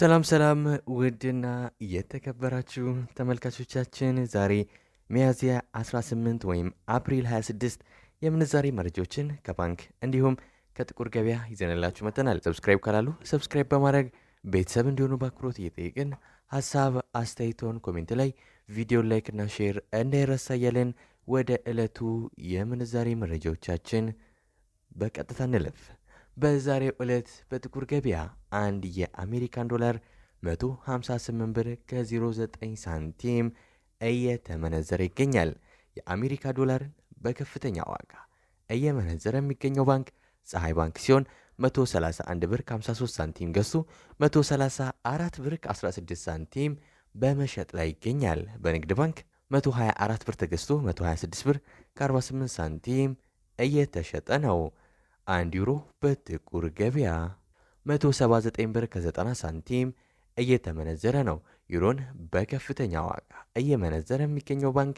ሰላም ሰላም ውድና የተከበራችሁ ተመልካቾቻችን ዛሬ ሚያዝያ 18 ወይም አፕሪል 26 የምንዛሬ መረጃዎችን ከባንክ እንዲሁም ከጥቁር ገበያ ይዘንላችሁ መጥተናል። ሰብስክራይብ ካላሉ ሰብስክራይብ በማድረግ ቤተሰብ እንዲሆኑ በአክብሮት እየጠየቅን ሀሳብ አስተያየቶን ኮሜንት ላይ ቪዲዮ ላይክና ሼር እንዳይረሳ እያልን ወደ ዕለቱ የምንዛሬ መረጃዎቻችን በቀጥታ እንለፍ። በዛሬው ዕለት በጥቁር ገበያ አንድ የአሜሪካን ዶላር 158 ብር ከ09 ሳንቲም እየተመነዘረ ይገኛል። የአሜሪካ ዶላርን በከፍተኛ ዋጋ እየመነዘረ የሚገኘው ባንክ ፀሐይ ባንክ ሲሆን 131 ብር ከ53 ሳንቲም ገዝቶ 134 ብር ከ16 ሳንቲም በመሸጥ ላይ ይገኛል። በንግድ ባንክ 124 ብር ተገዝቶ 126 ብር ከ48 ሳንቲም እየተሸጠ ነው። 1 ዩሮ በጥቁር ገበያ 179 ብር ከ90 ሳንቲም እየተመነዘረ ነው። ዩሮን በከፍተኛ ዋጋ እየመነዘረ የሚገኘው ባንክ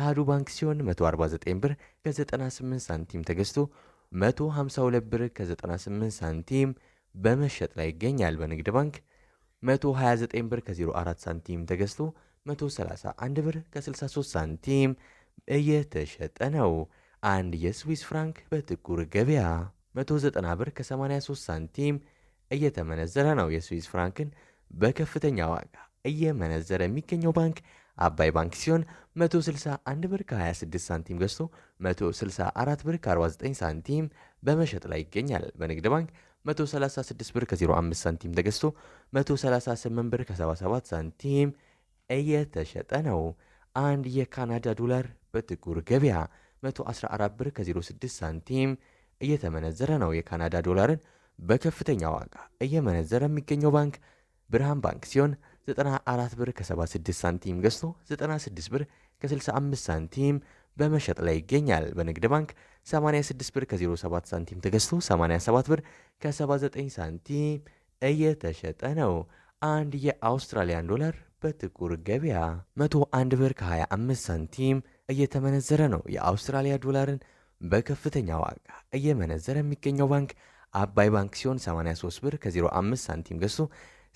አህዱ ባንክ ሲሆን 149 ብር ከ98 ሳንቲም ተገዝቶ 152 ብር ከ98 ሳንቲም በመሸጥ ላይ ይገኛል። በንግድ ባንክ 129 ብር ከ04 ሳንቲም ተገዝቶ 131 ብር ከ63 ሳንቲም እየተሸጠ ነው። አንድ የስዊስ ፍራንክ በጥቁር ገበያ 190 ብር ከ83 ሳንቲም እየተመነዘረ ነው። የስዊስ ፍራንክን በከፍተኛ ዋጋ እየመነዘረ የሚገኘው ባንክ አባይ ባንክ ሲሆን 161 ብር ከ26 ሳንቲም ገዝቶ 164 ብር ከ49 ሳንቲም በመሸጥ ላይ ይገኛል። በንግድ ባንክ 136 ብር ከ05 ሳንቲም ተገዝቶ 138 ብር ከ77 ሳንቲም እየተሸጠ ነው። አንድ የካናዳ ዶላር በጥቁር ገበያ 114 ብር ከ06 ሳንቲም እየተመነዘረ ነው። የካናዳ ዶላርን በከፍተኛ ዋጋ እየመነዘረ የሚገኘው ባንክ ብርሃን ባንክ ሲሆን 94 ብር ከ76 ሳንቲም ገዝቶ 96 ብር ከ65 ሳንቲም በመሸጥ ላይ ይገኛል። በንግድ ባንክ 86 ብር ከ07 ሳንቲም ተገዝቶ 87 ብር ከ79 ሳንቲም እየተሸጠ ነው። አንድ የአውስትራሊያን ዶላር በጥቁር ገበያ 101 ብር ከ25 ሳንቲም እየተመነዘረ ነው። የአውስትራሊያ ዶላርን በከፍተኛ ዋጋ እየመነዘረ የሚገኘው ባንክ አባይ ባንክ ሲሆን 83 ብር ከ05 ሳንቲም ገዝቶ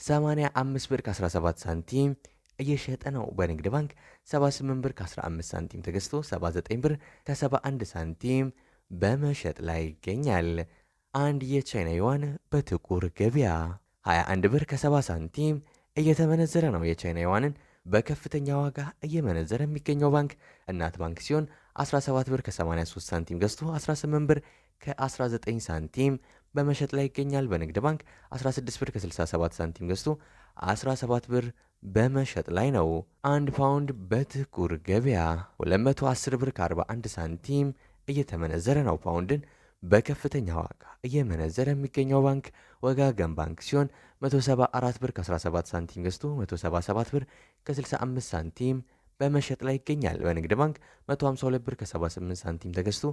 85 ብር ከ17 ሳንቲም እየሸጠ ነው። በንግድ ባንክ 78 ብር ከ15 ሳንቲም ተገዝቶ 79 ብር ከ71 ሳንቲም በመሸጥ ላይ ይገኛል። አንድ የቻይና ዩዋን በጥቁር ገበያ 21 ብር ከ70 ሳንቲም እየተመነዘረ ነው። የቻይና ዩዋንን በከፍተኛ ዋጋ እየመነዘረ የሚገኘው ባንክ እናት ባንክ ሲሆን 17 ብር ከ83 ሳንቲም ገዝቶ 18 ብር ከ19 ሳንቲም በመሸጥ ላይ ይገኛል። በንግድ ባንክ 16 ብር ከ67 ሳንቲም ገዝቶ 17 ብር በመሸጥ ላይ ነው። አንድ ፓውንድ በጥቁር ገበያ 210 ብር ከ41 ሳንቲም እየተመነዘረ ነው። ፓውንድን በከፍተኛ ዋጋ እየመነዘረ የሚገኘው ባንክ ወጋገን ባንክ ሲሆን 174 ብር ከ17 ሳንቲም ገዝቶ 177 ብር ከ65 ሳንቲም በመሸጥ ላይ ይገኛል። በንግድ ባንክ 152 ብር ከ78 ሳንቲም ተገዝቶ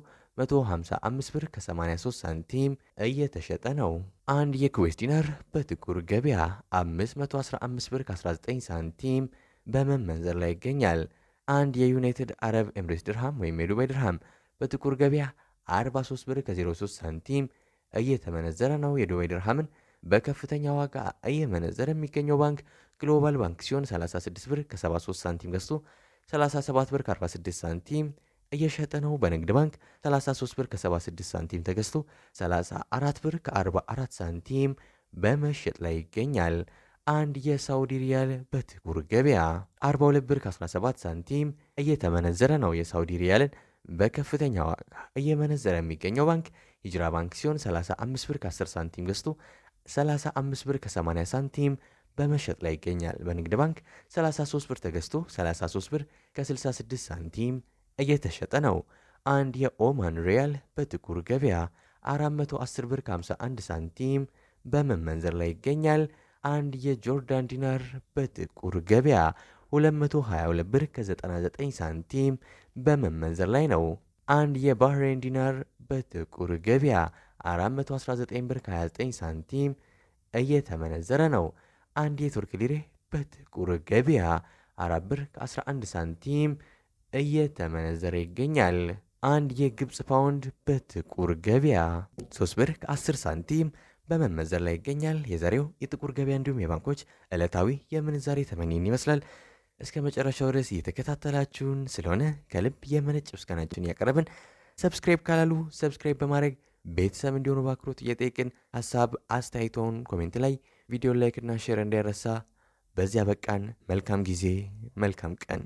155 ብር ከ83 ሳንቲም እየተሸጠ ነው። አንድ የኩዌስ ዲናር በጥቁር ገበያ 515 ብር ከ19 ሳንቲም በመመንዘር ላይ ይገኛል። አንድ የዩናይትድ አረብ ኤምሬትስ ድርሃም ወይም የዱባይ ድርሃም በጥቁር ገበያ 43 ብር ከ03 ሳንቲም እየተመነዘረ ነው። የዱባይ ድርሃምን በከፍተኛ ዋጋ እየመነዘረ የሚገኘው ባንክ ግሎባል ባንክ ሲሆን 36 ብር ከ73 ሳንቲም ገዝቶ 37 ብር ከ46 ሳንቲም እየሸጠ ነው። በንግድ ባንክ 33 ብር ከ76 ሳንቲም ተገዝቶ 34 ብር ከ44 ሳንቲም በመሸጥ ላይ ይገኛል። አንድ የሳውዲ ሪያል በጥቁር ገበያ 42 ብር ከ17 ሳንቲም እየተመነዘረ ነው። የሳውዲ ሪያልን በከፍተኛ ዋጋ እየመነዘረ የሚገኘው ባንክ ሂጅራ ባንክ ሲሆን 35 ብር ከ10 ሳንቲም ገዝቶ 35 ብር ከ80 ሳንቲም በመሸጥ ላይ ይገኛል። በንግድ ባንክ 33 ብር ተገዝቶ 33 ብር ከ66 ሳንቲም እየተሸጠ ነው። አንድ የኦማን ሪያል በጥቁር ገበያ 410 ብር ከ51 ሳንቲም በመመንዘር ላይ ይገኛል። አንድ የጆርዳን ዲናር በጥቁር ገበያ 222 ብር ከ99 ሳንቲም በመመንዘር ላይ ነው። አንድ የባህሬን ዲናር በጥቁር ገበያ 419 ብር ከ29 ሳንቲም እየተመነዘረ ነው። አንድ የቱርክ ሊሬ በጥቁር ገበያ 4 ብር ከ11 ሳንቲም እየተመነዘረ ይገኛል። አንድ የግብፅ ፓውንድ በጥቁር ገበያ 3 ብር ከ10 ሳንቲም በመመዘር ላይ ይገኛል። የዛሬው የጥቁር ገበያ እንዲሁም የባንኮች ዕለታዊ የምንዛሬ ተመኒን ይመስላል። እስከ መጨረሻው ድረስ እየተከታተላችሁን ስለሆነ ከልብ የመነጭ ምስጋናችን እያቀረብን ሰብስክራይብ ካላሉ ሰብስክራይብ በማድረግ ቤተሰብ እንዲሆኑ በአክብሮት እየጠየቅን ሀሳብ አስተያየቶን ኮሜንት ላይ ቪዲዮ ላይክና ሼር እንዳይረሳ። በዚያ በቃን። መልካም ጊዜ፣ መልካም ቀን።